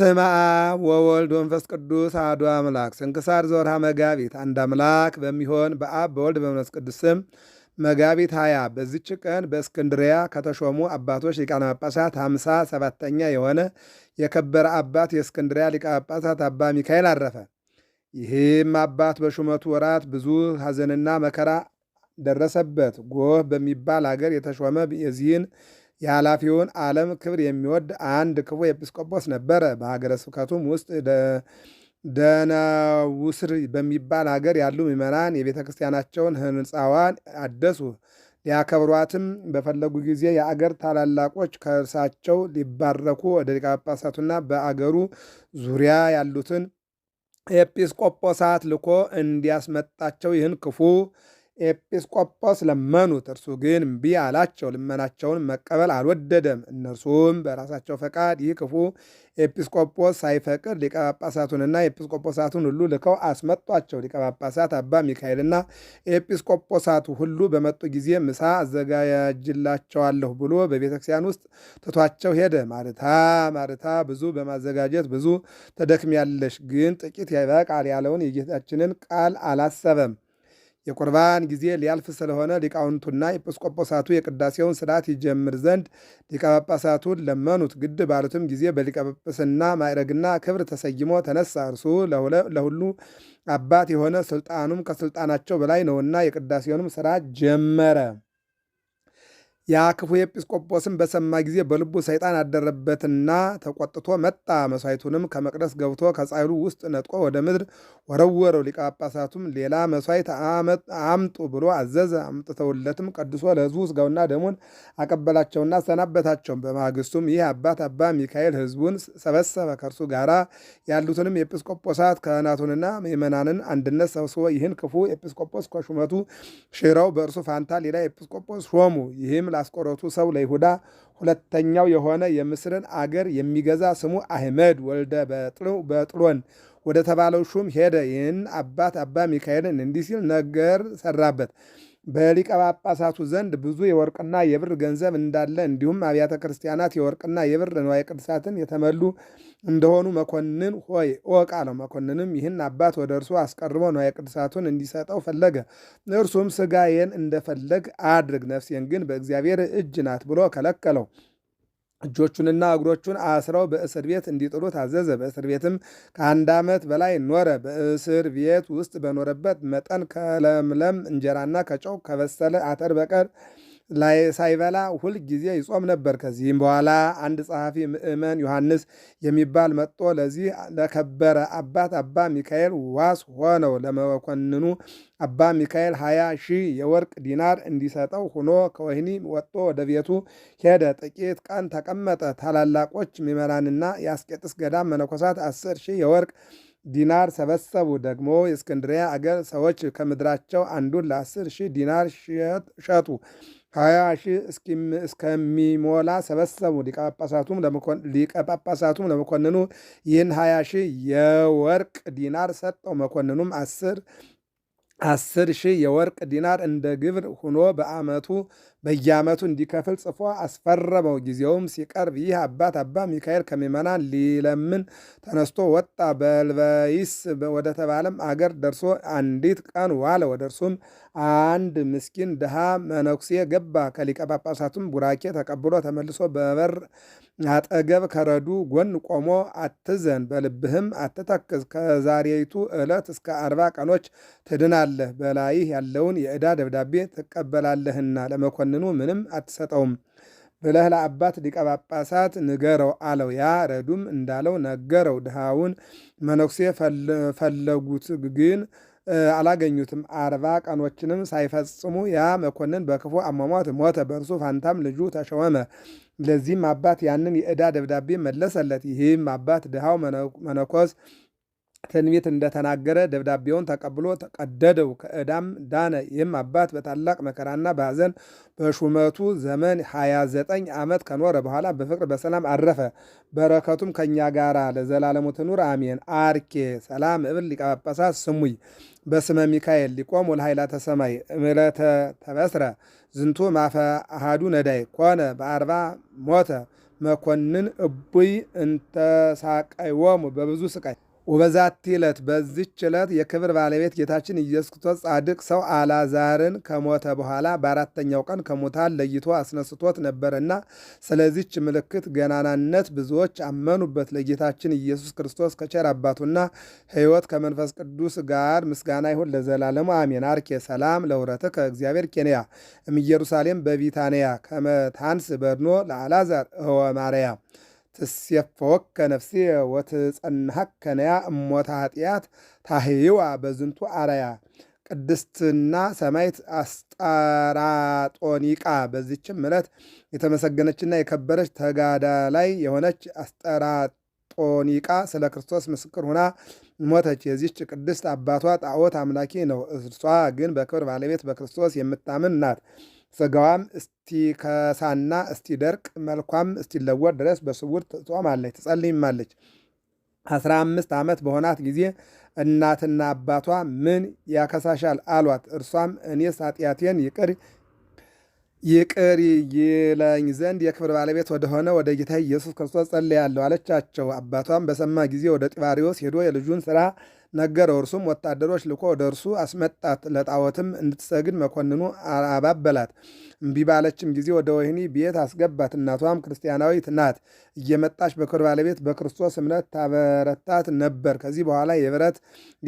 ስማ ወወልድ ወንፈስ ቅዱስ አሐዱ አምላክ። ስንክሳር ዘወርሃ መጋቢት። አንድ አምላክ በሚሆን በአብ በወልድ በመንፈስ ቅዱስ ስም መጋቢት ሀያ በዚች ቀን በእስክንድሪያ ከተሾሙ አባቶች ሊቃነ ጳጳሳት ሃምሳ ሰባተኛ የሆነ የከበረ አባት የእስክንድሪያ ሊቀ ጳጳሳት አባ ሚካኤል አረፈ። ይህም አባት በሹመቱ ወራት ብዙ ሐዘንና መከራ ደረሰበት። ጎህ በሚባል አገር የተሾመ የዚህን የኃላፊውን ዓለም ክብር የሚወድ አንድ ክፉ ኤጲስቆጶስ ነበረ። በሀገረ ስብከቱም ውስጥ ደናውስር በሚባል ሀገር ያሉ ምዕመናን የቤተ ክርስቲያናቸውን ህንፃዋን አደሱ። ሊያከብሯትም በፈለጉ ጊዜ የአገር ታላላቆች ከእርሳቸው ሊባረኩ ወደ ሊቀ ጳጳሳቱና በአገሩ ዙሪያ ያሉትን ኤጲስቆጶሳት ልኮ እንዲያስመጣቸው ይህን ክፉ ኤጲስቆጶስ ለመኑት፣ እርሱ ግን እምቢ አላቸው። ልመናቸውን መቀበል አልወደደም። እነርሱም በራሳቸው ፈቃድ ይህ ክፉ ኤጲስቆጶስ ሳይፈቅድ ሊቀ ጳጳሳቱንና ኤጲስቆጶሳቱን ሁሉ ልከው አስመጧቸው። ሊቀ ጳጳሳት አባ ሚካኤልና ኤጲስቆጶሳቱ ሁሉ በመጡ ጊዜ ምሳ አዘጋጅላቸዋለሁ ብሎ በቤተክርስቲያን ውስጥ ትቷቸው ሄደ። ማርታ ማርታ፣ ብዙ በማዘጋጀት ብዙ ተደክሚያለሽ፣ ግን ጥቂት ይበቃል ያለውን የጌታችንን ቃል አላሰበም። የቁርባን ጊዜ ሊያልፍ ስለሆነ ሊቃውንቱና ኤጲስቆጶሳቱ የቅዳሴውን ስርዓት ይጀምር ዘንድ ሊቀጳጳሳቱን ለመኑት። ግድ ባሉትም ጊዜ በሊቀ ማዕረግና ክብር ተሰይሞ ተነሳ። እርሱ ለሁሉ አባት የሆነ ስልጣኑም ከስልጣናቸው በላይ ነውና የቅዳሴውንም ስርዓት ጀመረ። ያ ክፉ ኤጲስቆጶስም በሰማ ጊዜ በልቡ ሰይጣን አደረበትና ተቆጥቶ መጣ። መሥዋዕቱንም ከመቅደስ ገብቶ ከጻሕሉ ውስጥ ነጥቆ ወደ ምድር ወረወረው። ሊቀ ጳጳሳቱም ሌላ መሥዋዕት አምጡ ብሎ አዘዘ። አምጥተውለትም ቀድሶ ለሕዝቡ ሥጋውና ደሙን አቀበላቸውና ሰናበታቸውም። በማግስቱም ይህ አባት አባ ሚካኤል ሕዝቡን ሰበሰበ። ከእርሱ ጋር ያሉትንም ኤጲስቆጶሳት ካህናቱንና ምእመናንን አንድነት ሰብስቦ ይህን ክፉ ኤጲስቆጶስ ከሹመቱ ሽረው በእርሱ ፋንታ ሌላ ኤጲስቆጶስ ሾሙ። ይህም ለአስቆሮቱ ሰው ለይሁዳ ሁለተኛው የሆነ የምስርን አገር የሚገዛ ስሙ አህመድ ወልደ በጥሎን ወደ ተባለው ሹም ሄደ። ይህን አባት አባ ሚካኤልን እንዲህ ሲል ነገር ሰራበት። በሊቀ ጳጳሳቱ ዘንድ ብዙ የወርቅና የብር ገንዘብ እንዳለ እንዲሁም አብያተ ክርስቲያናት የወርቅና የብር ንዋየ ቅድሳትን የተመሉ እንደሆኑ መኮንን ሆይ እወቅ አለው። መኮንንም ይህን አባት ወደ እርሱ አስቀርቦ ንዋየ ቅድሳቱን እንዲሰጠው ፈለገ። እርሱም ስጋዬን እንደፈለግ አድርግ፣ ነፍሴን ግን በእግዚአብሔር እጅ ናት ብሎ ከለከለው። እጆቹንና እግሮቹን አስረው በእስር ቤት እንዲጥሉ ታዘዘ። በእስር ቤትም ከአንድ ዓመት በላይ ኖረ። በእስር ቤት ውስጥ በኖረበት መጠን ከለምለም እንጀራና ከጨው ከበሰለ አተር በቀር ላይ ሳይበላ ሁል ጊዜ ይጾም ነበር። ከዚህም በኋላ አንድ ጸሐፊ ምእመን ዮሐንስ የሚባል መጥቶ ለዚህ ለከበረ አባት አባ ሚካኤል ዋስ ሆነው ለመኮንኑ አባ ሚካኤል ሀያ ሺህ የወርቅ ዲናር እንዲሰጠው ሆኖ ከወህኒ ወጥቶ ወደ ቤቱ ሄደ። ጥቂት ቀን ተቀመጠ። ታላላቆች ምዕመናንና የአስቄጥስ ገዳም መነኮሳት አስር ሺህ የወርቅ ዲናር ሰበሰቡ። ደግሞ የእስክንድሪያ አገር ሰዎች ከምድራቸው አንዱን ለአስር ሺህ ዲናር ሸጡ። ሀያ ሺህ እስከሚሞላ ሰበሰቡ። ሊቀ ጳጳሳቱም ለመኮንኑ ይህን ሀያ ሺህ የወርቅ ዲናር ሰጠው። መኮንኑም አስር አስር ሺህ የወርቅ ዲናር እንደ ግብር ሁኖ በአመቱ በየዓመቱ እንዲከፍል ጽፎ አስፈረመው። ጊዜውም ሲቀርብ ይህ አባት አባ ሚካኤል ከሚመና ሊለምን ተነስቶ ወጣ። በልበይስ ወደተባለም አገር ደርሶ አንዲት ቀን ዋለ። ወደ እርሱም አንድ ምስኪን ድሃ መነኩሴ ገባ። ከሊቀ ጳጳሳቱም ቡራኬ ተቀብሎ ተመልሶ በበር አጠገብ ከረዱ ጎን ቆሞ አትዘን፣ በልብህም አትተክዝ፣ ከዛሬይቱ ዕለት እስከ አርባ ቀኖች ትድናለህ፣ በላይህ ያለውን የዕዳ ደብዳቤ ትቀበላለህና ለመኮንን ለመኮንኑ ምንም አትሰጠውም ብለህ ለአባት ሊቀ ጳጳሳት ንገረው አለው። ያ ረዱም እንዳለው ነገረው። ድሃውን መነኩሴ ፈለጉት ግን አላገኙትም። አርባ ቀኖችንም ሳይፈጽሙ ያ መኮንን በክፉ አሟሟት ሞተ። በእርሱ ፋንታም ልጁ ተሸወመ ለዚህም አባት ያንን የዕዳ ደብዳቤ መለሰለት። ይህም አባት ድሃው መነኮስ ትንቢት እንደተናገረ ደብዳቤውን ተቀብሎ ተቀደደው ከእዳም ዳነ። ይህም አባት በታላቅ መከራና በሐዘን በሹመቱ ዘመን 29 ዓመት ከኖረ በኋላ በፍቅር በሰላም አረፈ። በረከቱም ከእኛ ጋር ለዘላለሙ ትኑር አሜን። አርኬ ሰላም እብል ሊቀ ጳጳሳት ስሙይ በስመ ሚካኤል ሊቆም ወለኃይላተ ሰማይ እምለተ ተበስረ ዝንቱ ማፈ አሃዱ ነዳይ ኮነ በአርባ ሞተ መኮንን እቡይ እንተሳቀይዎሙ በብዙ ስቃይ ወበዛቲ ዕለት በዚች ዕለት የክብር ባለቤት ጌታችን ኢየሱስ ክርስቶስ ጻድቅ ሰው አላዛርን ከሞተ በኋላ በአራተኛው ቀን ከሙታን ለይቶ አስነስቶት ነበርና ስለዚች ምልክት ገናናነት ብዙዎች አመኑበት። ለጌታችን ኢየሱስ ክርስቶስ ከቸር አባቱና ሕይወት ከመንፈስ ቅዱስ ጋር ምስጋና ይሁን ለዘላለሙ አሜን። አርኬ ሰላም ለውረተ ከእግዚአብሔር ኬንያ እም ኢየሩሳሌም በቢታንያ ከመታንስ በድኖ ለአላዛር እወ ማርያም ትሴፈወከ ነፍሴ ወትጸናሐከነያ እሞታ ኃጢአት ታህይዋ በዝንቱ አራያ ቅድስትና ሰማይት አስጠራጦኒቃ በዚችም ዕለት የተመሰገነችና የከበረች ተጋዳላይ የሆነች አስጠራጦኒቃ ስለ ክርስቶስ ምስክር ሁና ሞተች። የዚች ቅድስት አባቷ ጣዖት አምላኪ ነው። እርሷ ግን በክብር ባለቤት በክርስቶስ የምታምን ናት። ስጋዋም እስቲከሳና እስቲደርቅ መልኳም እስቲለወጥ ድረስ በስውር ትጾማለች ትጸልይማለች። አስራ አምስት ዓመት በሆናት ጊዜ እናትና አባቷ ምን ያከሳሻል አሏት። እርሷም እኔስ ኃጢአቴን ይቅር ይቅር ይለኝ ዘንድ የክብር ባለቤት ወደሆነ ወደ ጌታ ኢየሱስ ክርስቶስ ጸልያለሁ አለቻቸው። አባቷም በሰማ ጊዜ ወደ ጢባሪዎስ ሄዶ የልጁን ስራ ። ነገረው። እርሱም ወታደሮች ልኮ ወደ እርሱ አስመጣት። ለጣዖትም እንድትሰግድ መኮንኑ አባበላት። እምቢ ባለችም ጊዜ ወደ ወህኒ ቤት አስገባት። እናቷም ክርስቲያናዊት ናት። እየመጣች በክብር ባለቤት በክርስቶስ እምነት ታበረታት ነበር። ከዚህ በኋላ የብረት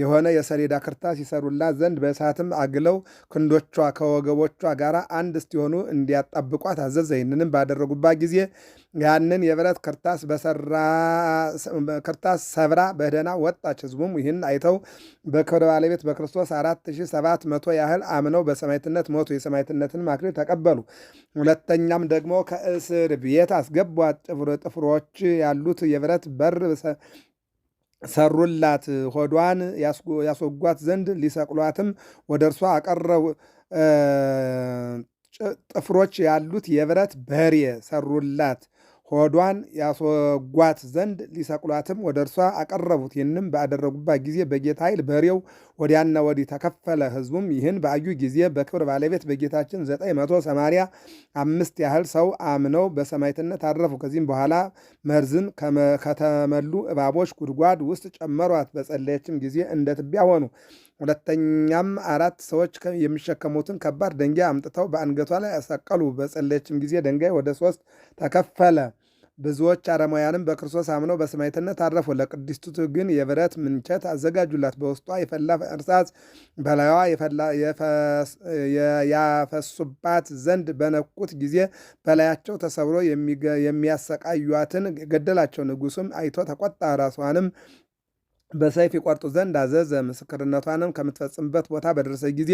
የሆነ የሰሌዳ ክርታስ ይሰሩላት ዘንድ በእሳትም አግለው ክንዶቿ ከወገቦቿ ጋር አንድ እስቲሆኑ እንዲያጣብቋት አዘዘ። ይህንንም ባደረጉባት ጊዜ ያንን የብረት ክርታስ በሰራ ክርታስ ሰብራ በደህና ወጣች። ህዝቡም ይህን አይተው በክብረ ባለቤት በክርስቶስ አራት ሺህ ሰባት መቶ ያህል አምነው በሰማዕትነት ሞቱ። የሰማዕትነትን አክሊል ተቀበሉ። ሁለተኛም ደግሞ ከእስር ቤት አስገቧት። ጥፍሮች ያሉት የብረት በር ሰሩላት። ሆዷን ያስወጓት ዘንድ ሊሰቅሏትም ወደ እርሷ አቀረቡ። ጥፍሮች ያሉት የብረት በሬ ሰሩላት። ሆዷን ያስወጓት ዘንድ ሊሰቅሏትም ወደ እርሷ አቀረቡት። ይህንም ባደረጉባት ጊዜ በጌታ ኃይል በሬው ወዲያና ወዲህ ተከፈለ። ሕዝቡም ይህን በአዩ ጊዜ በክብር ባለቤት በጌታችን ዘጠኝ መቶ ሰማንያ አምስት ያህል ሰው አምነው በሰማዕትነት አረፉ። ከዚህም በኋላ መርዝን ከተመሉ እባቦች ጉድጓድ ውስጥ ጨመሯት። በጸለየችም ጊዜ እንደ ትቢያ ሆኑ። ሁለተኛም አራት ሰዎች የሚሸከሙትን ከባድ ደንጋይ አምጥተው በአንገቷ ላይ ያሰቀሉ። በጸለየችም ጊዜ ደንጋይ ወደ ሶስት ተከፈለ። ብዙዎች አረማውያንም በክርስቶስ አምነው በሰማዕትነት አረፉ። ለቅድስቲቱ ግን የብረት ምንቸት አዘጋጁላት። በውስጧ የፈላ እርሳስ በላዩዋ ያፈሱባት ዘንድ በነኩት ጊዜ በላያቸው ተሰብሮ የሚያሰቃዩትን ገደላቸው። ንጉሱም አይቶ ተቆጣ። ራሷንም በሰይፍ ይቆርጡ ዘንድ አዘዘ። ምስክርነቷንም ከምትፈጽምበት ቦታ በደረሰ ጊዜ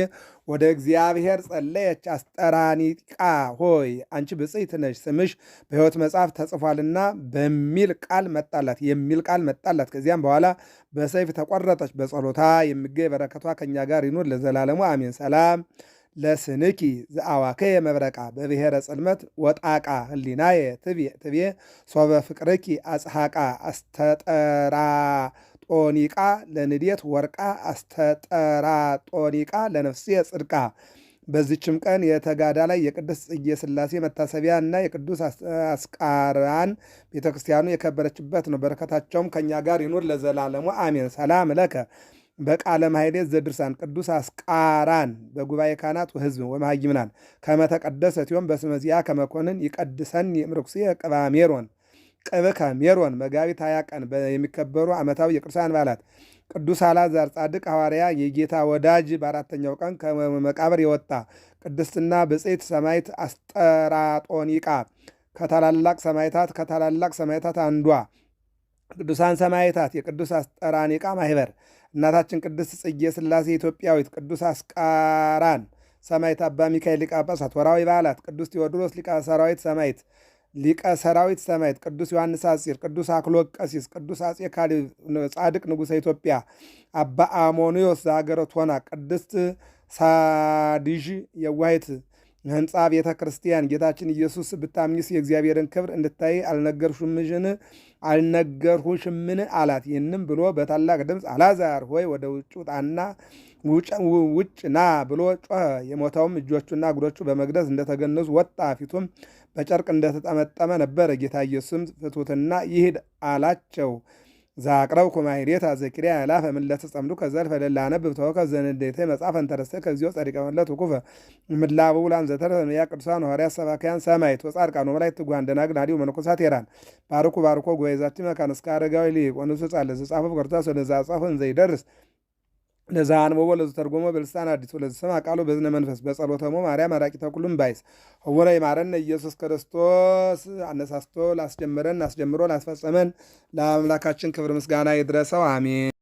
ወደ እግዚአብሔር ጸለየች። አስጠራኒቃ ሆይ አንቺ ብጽይት ነሽ ስምሽ በሕይወት መጽሐፍ ተጽፏልና በሚል ቃል መጣላት የሚል ቃል መጣላት። ከዚያም በኋላ በሰይፍ ተቆረጠች። በጸሎታ የሚገኝ በረከቷ ከእኛ ጋር ይኑር ለዘላለሙ አሜን። ሰላም ለስንኪ ዘአዋከየ መብረቃ በብሔረ ጽልመት ወጣቃ ህሊናየ ትቤ ትቤ ሶበ ፍቅርኪ አጽሐቃ አስተጠራ ጦኒቃ ለንዴት ወርቃ አስተጠራ ጦኒቃ ለነፍሴ ጽድቃ። በዚችም ቀን የተጋዳ ላይ የቅዱስ ጽጌ ሥላሴ መታሰቢያ እና የቅዱስ አስቃራን ቤተ ክርስቲያኑ የከበረችበት ነው። በረከታቸውም ከእኛ ጋር ይኑር ለዘላለሙ አሜን። ሰላም ለከ በቃለ ማሕሌት ዘድርሳን ቅዱስ አስቃራን በጉባኤ ካህናት ወሕዝብ ወመሃይምናን ከመተቀደሰ ሲሆን በስመዚያ ከመኮንን ይቀድሰን የምርኩሴ ቅባሜሮን ቅብከ ሜሮን መጋቢት ሀያ ቀን የሚከበሩ ዓመታዊ የቅዱሳን በዓላት ቅዱስ አላዛር ጻድቅ ሐዋርያ የጌታ ወዳጅ በአራተኛው ቀን ከመቃብር የወጣ፣ ቅድስትና ብፅዕት ሰማዕት አስጠራጦኒቃ ከታላላቅ ሰማይታት ከታላላቅ ሰማይታት አንዷ፣ ቅዱሳን ሰማይታት የቅዱስ አስጠራኒቃ ማህበር፣ እናታችን ቅድስት ጽጌ ስላሴ ኢትዮጵያዊት፣ ቅዱስ አስቃራን ሰማይት አባ ሚካኤል ሊቀ ጳጳሳት። በዓላት ቅዱስ ቴዎድሮስ ሊቀ ሰራዊት ሰማይት ሊቀ ሰራዊት ሰማዕት ቅዱስ ዮሐንስ አጺር፣ ቅዱስ አክሎቅ ቀሲስ፣ ቅዱስ አፄ ካሌብ ጻድቅ ንጉሠ ኢትዮጵያ፣ አባ አሞኒዮስ ዘሀገረ ቶና፣ ቅድስት ሳዲዥ የዋይት ህንፃ ቤተ ክርስቲያን ጌታችን ኢየሱስ ብታምኝስ የእግዚአብሔርን ክብር እንድታይ አልነገርሽምን አልነገርሁሽምን አላት። ይህንም ብሎ በታላቅ ድምፅ አላዛር ሆይ ወደ ውጭ ውጣና ውጭ ና ብሎ ጮኸ። የሞተውም እጆቹና እግሮቹ በመግደስ እንደተገነዙ ወጣ፣ ፊቱም በጨርቅ እንደተጠመጠመ ነበረ። ጌታ ኢየሱስም ፍቱትና ይሂድ አላቸው። ዛቅረው ኩማሂዴታ ዘኪርያ ያላፈ ምለተ ጸምዱ ከዘልፈ ለላነብብ ተወከ ዘንዴተ መጽሐፈ እንተረሰ ከዚዮ ጸሪቀ መለት ኩፈ ምላቡ ውላን ዘተረፈ ያ ቅዱሳን ሐዋርያ ሰባካያን ሰማይት ወጻድቃን ወመላእክት ትጓን ደናግል አዲው መነኮሳት ሄራን ባርኩ ባርኮ ጎይዛቲ መካን እስከ አረጋዊ ሊቆንሱ ጻለ ዘጻፈ ኮርታ ወደዛ ጻፈን ዘይደርስ ለዛ አንበቦ ለዙ ተርጎሞ በልሳን አዲስ ለዚ ሰማ ቃሉ በዝነ መንፈስ በጸሎተሞ ማርያም አራቂ ተኩሉም ባይስ ሆወረ ይማረን ኢየሱስ ክርስቶስ አነሳስቶ ላስጀምረን አስጀምሮ ላስፈጸመን ለአምላካችን ክብር ምስጋና ይድረሰው አሜን።